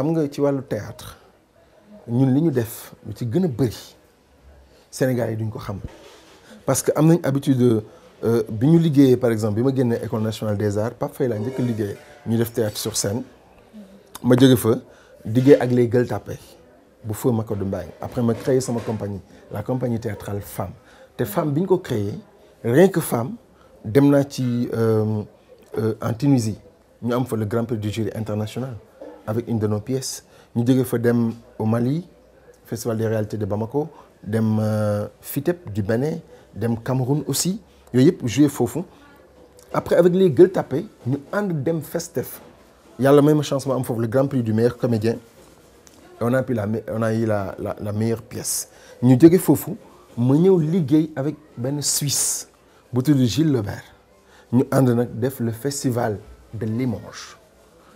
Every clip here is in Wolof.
xam nga ci walu théâtre ñun li ñu def lu ci gën a bëri Sénégal yi duñ ko xam parce que am nañ habitude euh, bi ñu liggéeyee par exemple bi ma génnee école nationale des arts Pape Faye laa njëkk liggéey ñu def théâtre sur scène ma jóge fa liggéey ak les Gueule Tapée bu feu Makodou Mbaye après ma créé sama compagnie la compagnie théâtrale femme te femme bi ñu ko créé rien que femme dem naa ci euh, euh, en Tunisie ñu am fa le grand prix du jury international avec une de nos pièces nous jóge faire dem au Mali festival des réalités de Bamako dem euh, FITEP du Bénin dem Cameroun aussi Nous avons joué Fofou. après avec les Gueule nous ñu ànd dem Festef a la même chance ma am foofu le grand prix du meilleur comédien on a la on a eu la la la meilleure pièce ñu jóge foofu ma avons liggéey avec Ben Suisse bu de Gilles Lebert Nous avons fait le festival de Limoges.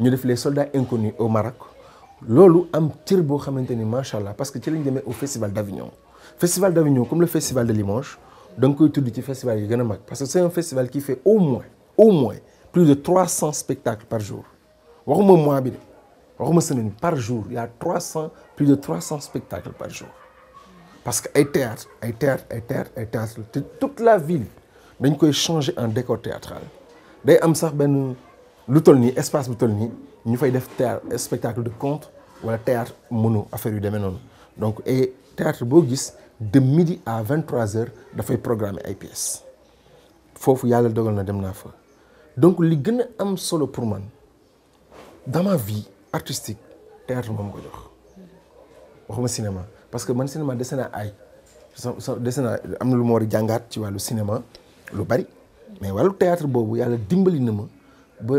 Nous def les soldats inconnus au Maroc ce am tir bo xamanteni parce que ci sommes au festival d'Avignon. festival d'Avignon, comme le festival de Limoges donc festival parce que c'est un festival qui fait au moins au moins plus de 300 spectacles par jour waxuma mois bi waxuma semaine par jour il y a plus de 300 spectacles par jour parce que ay théâtre ay théâtre ay théâtre théâtre toute la ville dañ koy changer en décor théâtral day am sax lu toll espace bu toll nii ñu fay def théâtre spectacle de conte wala théâtre mono affaire yu demee noonu donc et théâtre boo gis de midi à 23 trois heures dafay programmer ay pièces foofu yàlla dogal na dem naa fa donc li gën a am solo pour man dans ma vie artistique théâtre moom ko jox waxuma cinéma parce que man cinéma dese naa ay dese naa am na lu ma war a jàngaat ci wàllu cinéma lu bari mais wàllu théâtre boobu yàlla dimbali na ma ba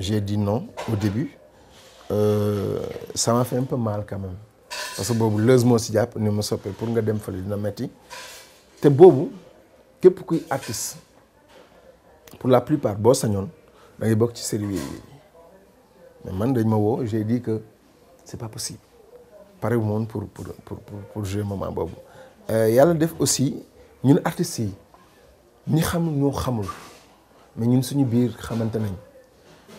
j'ai dit non au début. Euh, ça m'a fait un peu mal quand même. Parce que boobu leuse moo si jàpp ni ma soppee pour nga dem fële dina metti te boobu képp kuy artiste pour la plupart boo sañoon da ngay bokk ci série mais man dañ ma j'ai dit que c'est pas possible pare au monde pour pour pour pour jouer moment boobu. Euh, yàlla def aussi ñun artistes yi ñi xam ñoo xamul mais ñun suñu biir xamante nañ.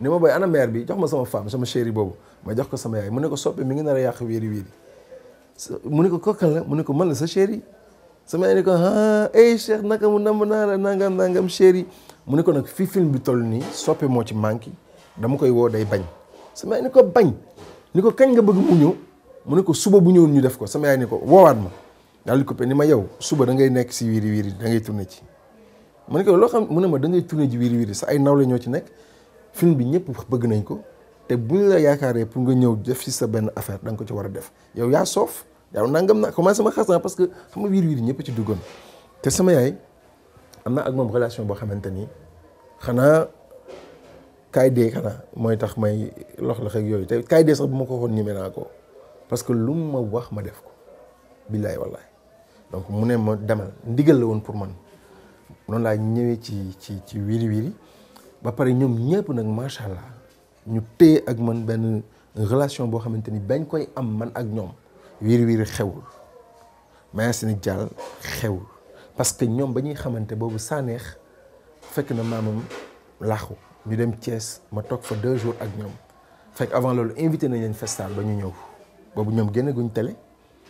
ne ma bay ana mère bi jox ma sama femme sama chérie bobu ma jox ko sama yaay muné ko soppé mi ngi na ra yak wéri wéri muné ko la ko man la sa chérie sama yaay ne ko ha ah, eh Cheikh naka mu nam na la nangam nangam chérie muné ko nak fi film bi toll ni soppé mo ci manki dama koy wo day bañ sama yaay ko bañ ni ko nga bëgg mu ñëw muné ko suba bu ñëwoon ñu def ko sama yaay ne ko ma dal coupé ni ma yow suba da ngay nekk ci wiiri wiiri da ngay tourné ci muné ko lo xam muné ma da ngay tourné ci wiiri wiiri sa ay nawle ñoo ci nekk film bi ñepp bëgg nañ ko te buñ la yaakaaré pour nga ñëw def ci sa ben affaire dang ko ci wara def yow ya soof yow nangam na commencé ma xas naa parce que sama wir wir ñepp ci duggon te sama yaay amna ak mom relation bo xamanteni xana kay dé dee moy tax may lox lox ak yoy te kay dé sax bu ma ko waxoon ñeme naa ko parce que lu ma wax ma def ko billahi wallahi donc mu ne ma demal ndigal la won pour man non la ñëwé ci ci ci wiiri wiiri ba pare ñoom ñëpp nag macha allah ñu téye ak man benn relation boo xamante ni bañ koy am man ak ñoom wiiri wiiri xewul Mayacine Dial xewul parce que ñoom ba ñuy xamante boobu Saneex fekk na maamam laaxu ñu dem cees ma toog fa deux jours ak ñoom fekk avant loolu invité nañ leen festal ba ñu ñëw boobu ñoom génne guñ télé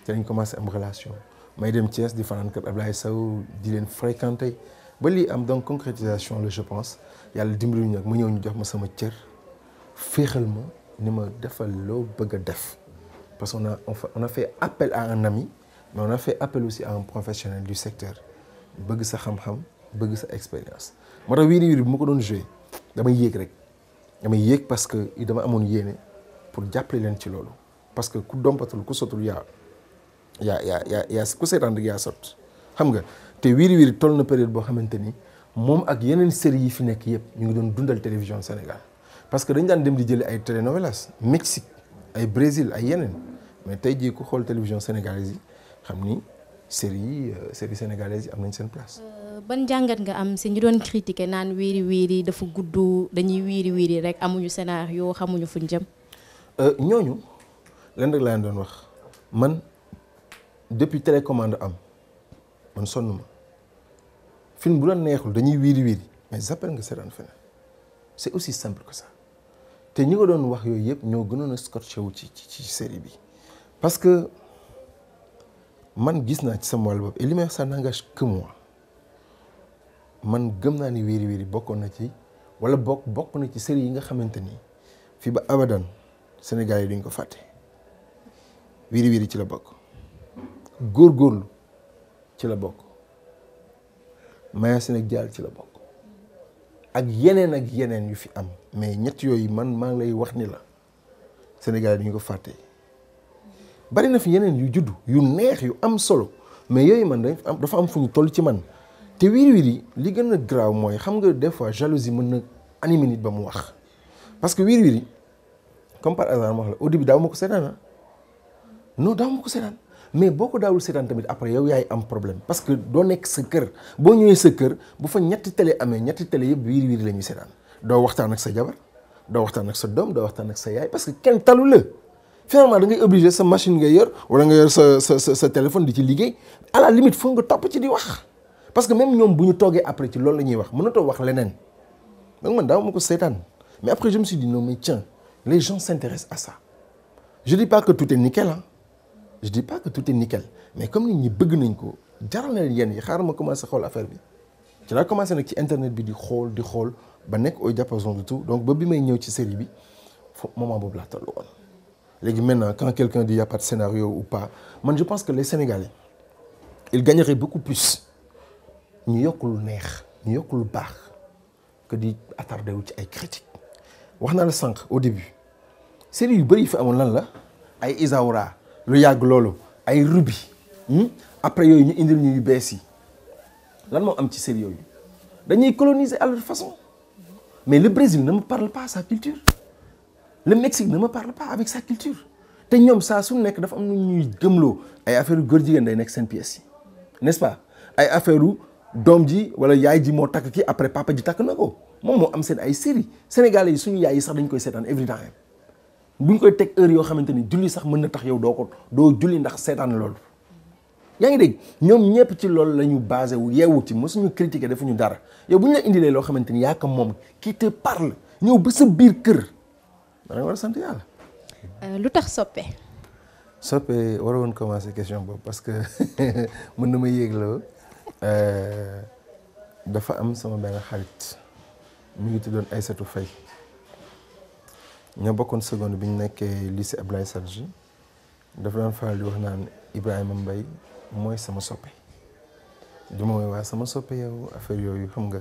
te lañ commencé am relation may dem cees di fanaan kër Ablaye Sow di leen fréquenté ba am donc concrétisation le, je pense yàlla dimbali ñu nag mu ñëw ñu jox ma sama cër féexal ma ni ma defal loo bëgg a def parce qu'on a on a fait appel à un ami mais on a fait appel aussi à un professionnel du secteur bëgg sa xam-xam bëgg sa expérience moo tax wiiri wiiri bi ma ko doon joué damay yéeg rek damay yéeg parce que dama amoon yéene pour jàppale leen ci loolu parce que ku dompatul ku sotul ya ya ya ya, ku seetaan rek yaa sot xam nga te Wiri Wiri toll na période boo xamante ni moom ak yeneen séries yi fi nekk yëpp ñu ngi doon dundal télévision Sénégal parce que dañ daan dem di jëli ay telenovelas Mexique ay Brésil ay yeneen mais tey jii ku xool télévision sénégalaise yi xam ni séries yi euh, séries sénégalaises yi am nañ seen place. Euh, ban jàngat nga am si ñu doon critiquer naan Wiri Wiri dafa gudd dañuy Wiri Wiri rek amuñu scénario xamuñu fuñ jëm. Euh, ñooñu lan rek laa doon wax man depuis télécommande am man sonn ma. film bu la neexul dañuy wiri wiri, mais zapper nga seetaan feneen c'est aussi simple que ça te ñi nga doon wax yoy yëpp ño gënoon scotché wu ci ci série bi parce que man gis na ci sama wal bob et li que moi man gëm na ni wiri, wiri bokko na ci wala bok bok na ci série yi nga xamanteni ni ba abadan sénégalais yi duñ ko faté wiri wiri ci la gor gor ci la bok Maya Sénégal ci la bokk ak yenen ak yenen yu fi am mais ñet yoy man ma ngi lay wax ni la Sénégal du ñu ko faté bari na fi yenen yu judd yu neex yu am solo mais yoy man dafa am fu ñu toll ci man te wir wiir yi li gëna a moy xam nga des fois jalousie mëna na animer nit ba mu wax parce que wir wiir yi comme par hasard ma wax la au début daaw ma ko ah. non daaw ma ko mais beaucoup ko daawul tamit après yow yaay am problème parce que do nek sa kër bo ñëwee sa kër bu fa ñetti télé amé ñetti télé yeb wir wir la ñuy do doo waxtaan ak sa jabar do waxtaan ak sa dom do waxtaan ak sa yaay parce que ken talu le finalement da ngay obligé sa machine ngay yor wala nga yor sa sa sa téléphone di ci liggéey à la limite fo nga top ci di wax parce que même ñom bu ñu toogee après ci loolu lañuy ñuy wax mënatoo wax leneen donc man daaw ma ko seetaan mais après je me suis dit non mais tiens les gens s'intéressent à ça je dis pas que tout est nickel hein je dis pas que tout est nickel mais comme nit ñi bëgg nañ ko jaral na leen yenn yi commencé à affaire bi Tu laa commencé à internet bi di xol di xol ba nekk au diapason de tout donc ba bi may ñëw ci série bi moment boobu la toll won légui maintenant quand quelqu'un dit y a pas de scénario ou pas man je pense que les Sénégalais ils gagneraient beaucoup plus ñu yokk lu neex ñu yokk lu baax que di attardé wu ci ay critiques wax naa la sank au début série yu bëri yu fi amoon lan la ay Isaura. Royal yàgg loolu ay rubis hmm? après yoy ñu indil ñu yu lan mo am ci série yoy? dañuy coloniser à leur façon mais le Brésil ne me parle pas sa culture le Mexique ne me parle pas avec sa culture Té ñom saa su nek dafa am ñuy gëmloo ay affaire gor jigéen day nek sen pièce. yi n'est-ce pas ay affaire doom ji wala yaay ji mo takk ki après papa ji tak nako. Mom mo am sen ay série sénégalais yi suñu yaay yi sax dañ koy sétane every time bu ñu koy teg heure yoo xamante ni julli sax mën na tax yow doo ko doo julli ndax seetaan loolu yaa ngi dégg ñoom ñëpp ci loolu lañu ñu basé wu yeewu ci mosuñu critiquer defuñu dara yow bu ñu indilee loo xamante ni yaa ko moom qui te parle ñëw ba sa biir kër da nga a euh, lu tax soppe. soppe waroon commencer question boobu parce que mën na ma yéegloo euh, dafa am sama benn xarit mu ngi tuddoon Aïssatou fay ñoo bokkoon seconde bi ñu nekkee lycée Ablaye Sadji dafa daan faral di wax naan Ibrahima Mbaye mooy sama soppe du mooy waa sama soppe yow affaire yooyu xam nga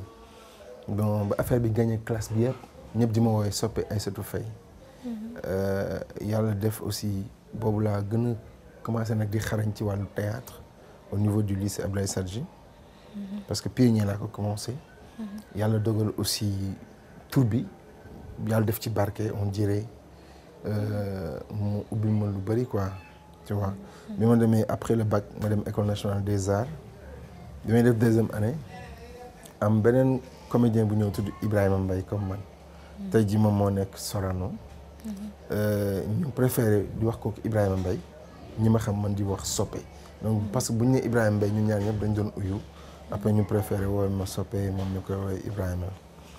bon ba affaire bi gagné classe bi yëpp ñëpp di ma woowee soppe Aïssatou Faye euh, yàlla def aussi boobu laa gën a commencé nag di xarañ ci wàllu théâtre au niveau du lycée Ablaye Sadji mm-hmm. parce que pionnier laa ko commencé mm-hmm. yàlla dogal aussi tur bi bien def ci barke on dirait euh, ubbi ma lu quoi tu vois. bi ma demee après le bac ma dem école nationale des arts bi may def deuxième année am beneen comédien bu autour d'Ibrahim Ibrahima Mbaye comme man. tey jii moom moo nekk Sorano. Euh, ñu préféré di wax kooku Ibrahima Mbaye ñi ma xam man di wax donc parce que bu ñu nee Ibrahima Mbaye ñun ñaar ñëpp dañ doon uyu après ñu préférons woowe ma sopé mon ñu koy Ibrahim Ibrahima.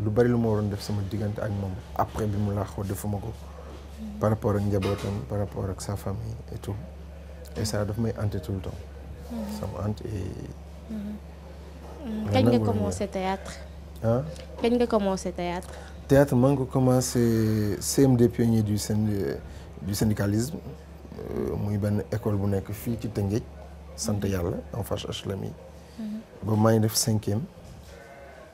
lu bari lu ma waroon def sama diggante ak moom après bi mu laaxoo defuma ko par rapport ak njabootam par rapport ak sa famille et tout et ça daf may hanté tout le temps. sama mm-hmm. me hante et. Mm-hmm. kañ nga commencé théâtre. ah kañ nga commencé théâtre. théâtre maa ngi ko commencé CMD pionnier du synd du syndicalisme euh, muy benn école bu nekk fii ci Tëngéej sant mm-hmm. yàlla en face HLM yi. ba maa ngi def cinquième.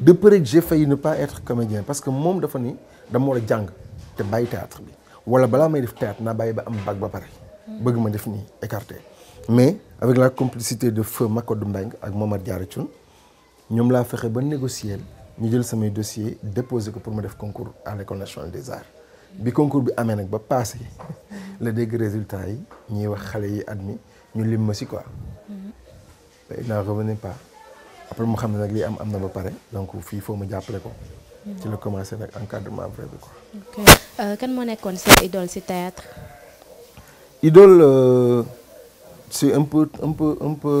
de peur que j'ai failli ne pas être comédien parce que moi, dafa ni dama war la jàng te bàyyi théâtre Ou wala balaa may théâtre n'a bàyyi ba am bac ba pare bëgg ma def écarté mais avec la complicité de feu et de ak Momar nous avons fait un bon ba Nous avons fait un dossier déposé pour me concours à l'école nationale des arts Le concours a passé Le dégg résultat nous avons wax admis ñu lim ma il n'en pas après mu xam ne am amna ba paré donc fi faut ma jàppale ko. Mm-hmm. ci le commencer nag encadrement vrai bi quoi. ok euh, kan mo nekkoon sa idole ci théâtre. idole euh, c'est un peu un peu un peu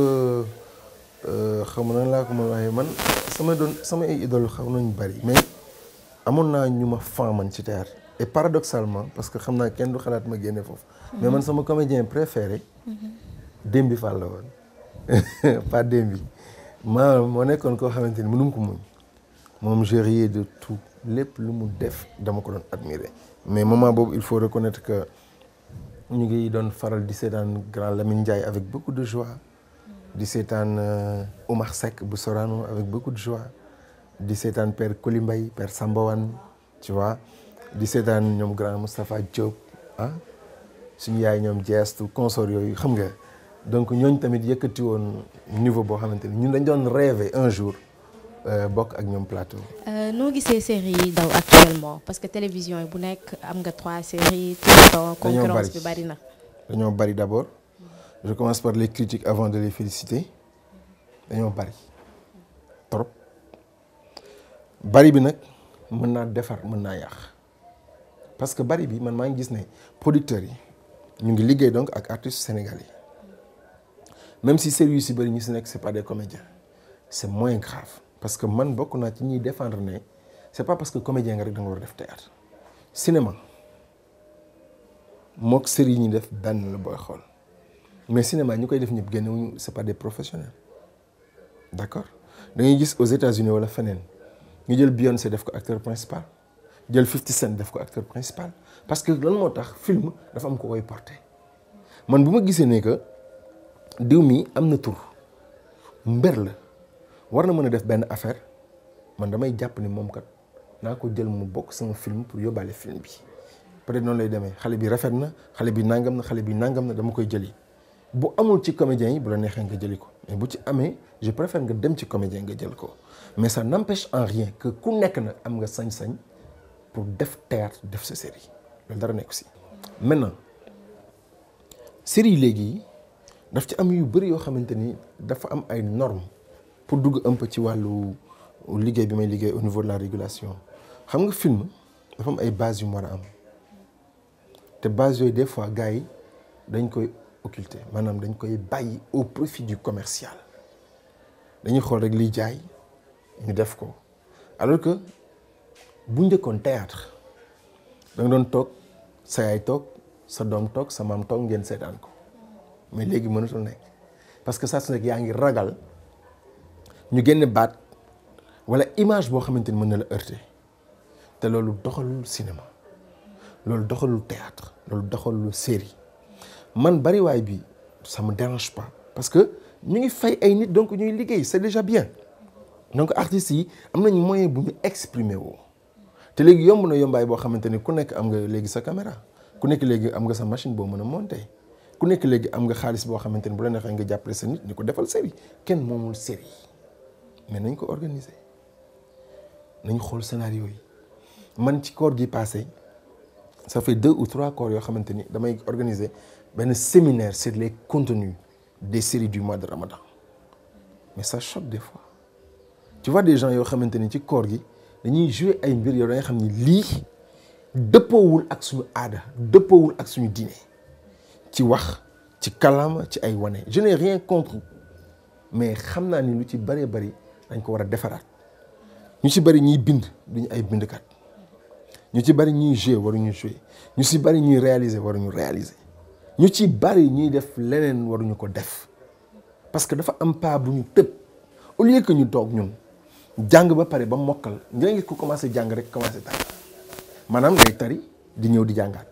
euh, xam nan laa ko mo waye man sama don sama ay idole xaw nañu bari mais amon na ñuma ma fan man ci théâtre et paradoxalement parce que xam naa kenn du xalat ma génné foofu. mais man mm-hmm. sama comédien préféré. Mm-hmm. Dembi Fall pas Dembi ma ma nekkoon koo xamante ni mënum ko muñ moom j'ai de tout lépp lu mu def dama ko doon admirer mais moment boobu il faut reconnaître que ñu ngi doon faral di seetaan grand Lamine Ndiaye avec beaucoup de joie di seetaan euh, Omar Seck bu Sorano avec beaucoup de joie di seetaan père Kolimbay père Sambawan tu vois di seetaan ñoom grand Moustapha Diop ah suñu yaay ñoom gestu consort yooyu xam nga donc ñooñu tamit yëkkati woon niveau de xamante ni ñun dañ doon rêvé un jour euh, bokk ak un plateau. Euh, noo gisee séries yi actuellement parce que télévision yi bu nekk am trois séries tout le concurrence bi bari na. dañoo bari d'abord..! je commence par les critiques avant de les féliciter dañoo bari trop bari bi nag mën naa defar parce que bari je man un ngi Nous ne producteurs yi ñu ngi donc ak artistes sénégalais même si c'est lui qui bëri pas des comédiens C'est moins grave parce que man bokk naa ci défendre Ce n'est pas parce que comédien nga rek da nga théâtre cinéma mook série qui fait def le la booy mais cinéma ce koy def pas des professionnels D'accord... Donc aux États-Unis wala feneen ñu jël Beyoncé def ko acteur principal jël 50 Cent def ko acteur principal parce que le moo le film la femme ko koy porté man bu ma gisee c'est que. diw mi am na tour mbër la war na mën a def benn affaire man damay jàpp ni moom kat naa ko jël mu bokk sama film pour yóbbaale film bi peut-être noonu lay demee xale bi rafet na xale bi nangam na xale bi nangam na dama koy jëli bu amul ci comédiens yi bu la neexee nga jëli ko mais bu ci amee je nga dem ci comédien nga jël ko mais ça n'empêche en rien ku nekk na am nga sañ-sañ pour def théâtre def sa série loolu dara nekku si maintenant série léegi daf ci am yu bëri yoo xamante ni dafa am ay normes pour dugg un peu ci wàllu liggéey bi may liggéey au niveau de la régulation xam nga film dafa am ay bases yu mu war a am te bases yooyu des fois gars yi dañ koy occulter maanaam dañ koy bàyyi au profit du commercial dañuy xool rek liy jaay ñu def ko alors que bu njëkkoon théâtre da nga doon toog sa yaay toog sa doom toog sa maam toog ngeen seetaan ko mais léegi mënatul nek parce que saa su nekk yaa ragal ñu génn baat wala image bo xamante mëna la heurter té lolu doxalul cinéma lolu doxalul théâtre lolu doxalul série man bari way bi ça me dérange pas parce que ñu ngi fay ay nit donc ñuy liggéey c'est déjà bien donc artistes yi am nañu moyen bu ñu exprimer wo té légui yomb na yombay bo xamante ku nek am nga légui sa caméra ku nek légui am nga sa machine bo mëna monter ku nekk léegi am nga xaalis boo xamante ni bu la neexee nga jàppale sa nit ni ko defal série kenn moomul série mais nañ ko organiser nañ xool scénario yi man ci koor gi passé ça fait deux ou trois koor yoo xamante ni damay organiser benn séminaire sur les contenus des séries du mois de Ramadan mais ça choque des fois tu vois des gens yoo xamante ni ci koor gi dañuy jouer ay mbir yow da nga xam ni lii dëppoowul ak suñu aada dëppoowul ak suñu dîner ci wax ci kàllaama ci ay wane je n'ai rien contre mais xam naa ni lu ci bari bari dañ ko war a defaraat ñu ci bari ñuy bind duñu ay bindkat ñu ci bëri ñuy jouer waruñu jouer ñu ci bari ñuy réaliser waruñu réaliser ñu ci bari ñuy def leneen waruñu ko def parce que dafa am pas bu ñu tëb au lieu que ñu toog ñun jàng ba pare ba mokkal nga ngi ko commencé jàng rek commencé tari maanaam ngay tari di ñëw di jàngaat.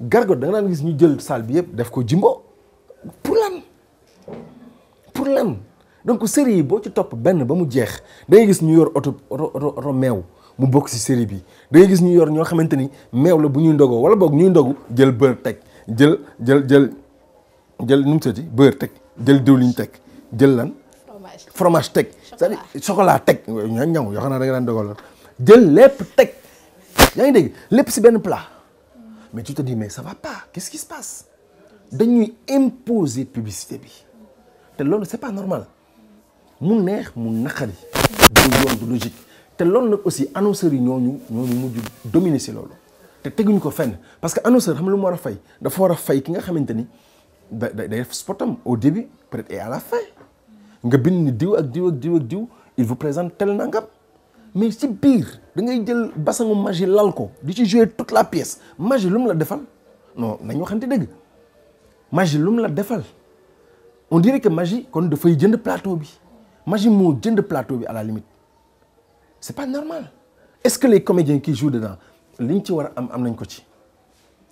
gargot da nga daan gis ñu jël salle bi yëpp def ko jimbo pour lan pour lan donc série yi boo ci topp benn ba mu jeex da gis ñu yor oto oto oto meew mu bokk ci série bi da gis ñu yor ñoo xamante ni meew la bu ñuy ndogoo wala boog ñuy ndogu jël beurre teg jël jël jël jël nu mu sati beurre teg jël diwliñ teg jël lan fromage teg c'est-à-dire chocolat teg ñoo ñaw yoo xam naa da daan dogoo la jël lépp teg yaa ngi dégg lépp si benn pla mais tu te dis mais ça va pas qu'est-ce qui se passe dañuy imposer publicité bi te loolu c'est pas normal mu neex mu naqari du yoon du logique te loolu nag aussi annonceurs yi ñooñu ñooñu dominer si loolu te teguñu ko fenn parce que annonceur xam lu mu war a fay dafa war a fay ki nga xamante da day au début peut-être et à la fin nga bind ni diw ak diw ak diw ak diw il vous présente tel nangam mais c'est pire. da le jël de magie et l'alcool.. di ci toute la pièce magie ce la defal non n'aït-on waxante dëgg magie ce la defal on dirait que magie kon dafay jënd plateau bi magie moo jënd plateau à la limite Ce n'est pas normal est-ce que les comédiens qui jouent dedans Ils ci war am am nañ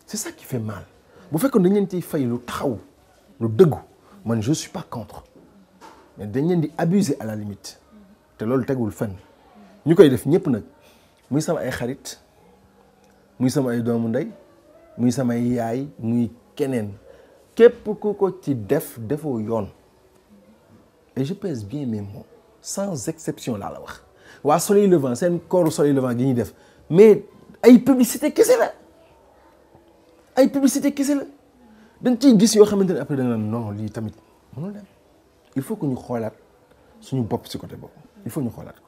c'est ça qui fait mal bu fekkoon dañ leen ciy fay lu taxaw lu dégoût, Moi je suis pas contre mais dañ avez abusé à la limite C'est que loolu tegul ça..! ñu koy def ñëpp nag muy sama ay xarit muy sama ay doomu nday muy samay yaay muy keneen képp ku ko ci def defoo yoon et je pèse bien mes mots sans exception laa la wax waa soleil levant seen kooru soleil levant gi ñuy def mais ay publicité kese la ay publicité kese la dañ ciy gis yoo xamante ne après da nga non lii tamit mënul dem il faut que ñu xoolaat suñu bopp si côté boobu il faut ñu xoolaat ko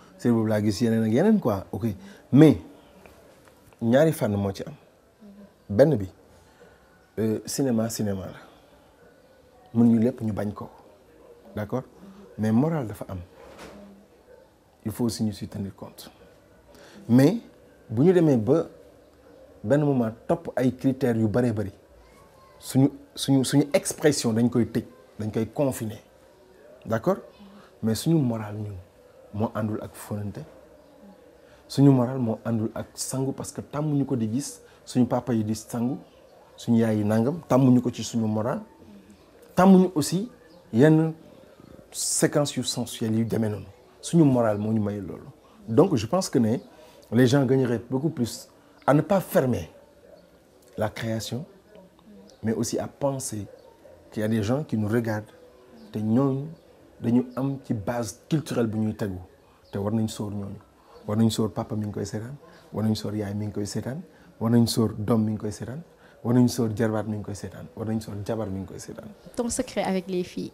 cérébraux blagues si yenen ak yenen quoi ok mais ñaari fànn mo ci am ben bi euh, cinéma cinéma la mën ñu lepp ñu bañ ko d'accord mais moral dafa am il faut aussi ñu si tenir compte mais bu ñu démé ba benn moment topp ay critères yu bari bari suñu suñu suñu expression dañ koy tej dañ koy confiner d'accord mais suñu morale ñun moo àndul ak fonante suñu moral mo andul ak sangu parce que tàmmuñu ko di gis suñu papa yi di sangu suñu yaay yi nangam tàmmuñu ko ci suñu moral tàmmuñu aussi yenn séquences yu sensuelles yu demee noonu suñu moral mo ñu may loolu. donc je pense que né les gens gagneraient beaucoup plus à ne pas fermer la création mais aussi à penser qu'il y a des gens qui nous regardent te ñooñu dañu am ci base culturelle bu ñuy tegu te war nañ sóor ñooñu war nañ sóor papa mi ngi koy seetaan war nañ sóor yaay mi ngi koy seetaan war nañ sóor doom mi ngi koy seetaan war nañ sóor jarbaat mi ngi koy seetaan war nañ sóor jabar mi ngi koy seetaan. ton secret avec les filles.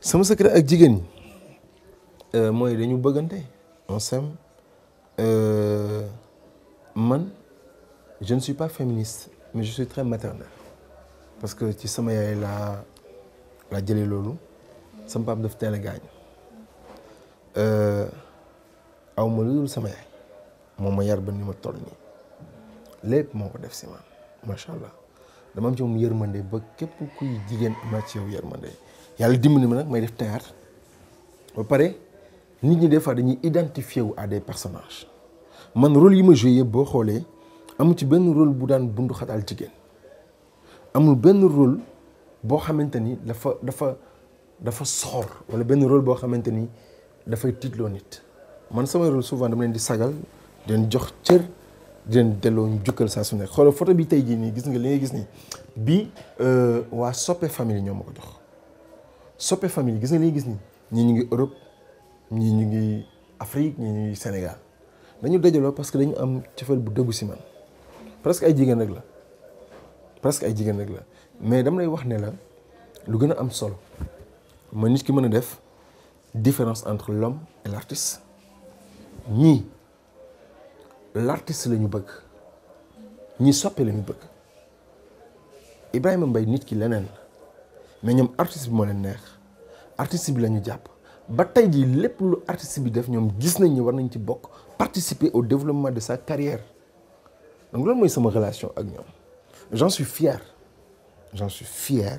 sama secret ak jigéen ñi euh, mooy dañu bëggante on s'aime euh, man je ne suis pas féministe mais je suis très maternelle parce que ci sama yaay laa laa jëlee loolu. sa mbaam daf teel a gaañ euh, aw ma lu sama yaay moom ma yar ba ni ma toll nii lépp moo ko def si man macha allah dama am ci moom yërmande ba képp kuy jigéen ma ci yow yërmande yàlla dimb ni ma nag may def théâtre ba pare nit ñi des fois dañuy identifier wu à des personnages man rôle yi ma joué boo xoolee amu ci benn rôle bu daan bundu xataal jigéen amul benn rôle boo xamante ni dafa dafa. dafa sor wala ben rôle bo xamanteni da fay titlo nit man sama rôle souvent dama len di sagal den jox cieur den delo delloo sa su photo bi tay ji ni gis nga li ngay gis ni bi euh, wa soppe famille ñom ko jox soppe famille gis nga li ngay gis ni ñi ñu ngi Europe ñi ñu ngi Afrique ñi ñu ngi Sénégal dañu dajaloo parce que dañu am cofeel bu deggu ci man presque ay jigen rek la presque ay jigen rek la mais dama lay wax ne la lu gëna am solo mooy nit ki mën def différence entre l'homme et l'artiste Ni l'artiste le ñu bëgg soi soppe la ñu bëgg Ibrahima Mbaye nit ki mais nous artiste bi moo leen neex artiste bi la ñu jàpp ba tey jii lépp lu artiste bi def ñoom gis nañ ni war nañ participer au développement de sa carrière donc loolu mooy sama relation avec ñoom j'en suis fier j'en suis fier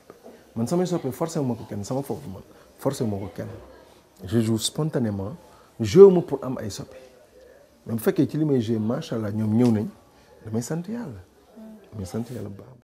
man samay soppe forcé wu ma ko kenn sama foofu man forcé wu ma ko kenn je joue spontanément joué ma pour am ay soppe même bu fekkee ci li may joué macha allah ñoom ñëw nañ damay sant yàlla damay sant yàlla bu baax.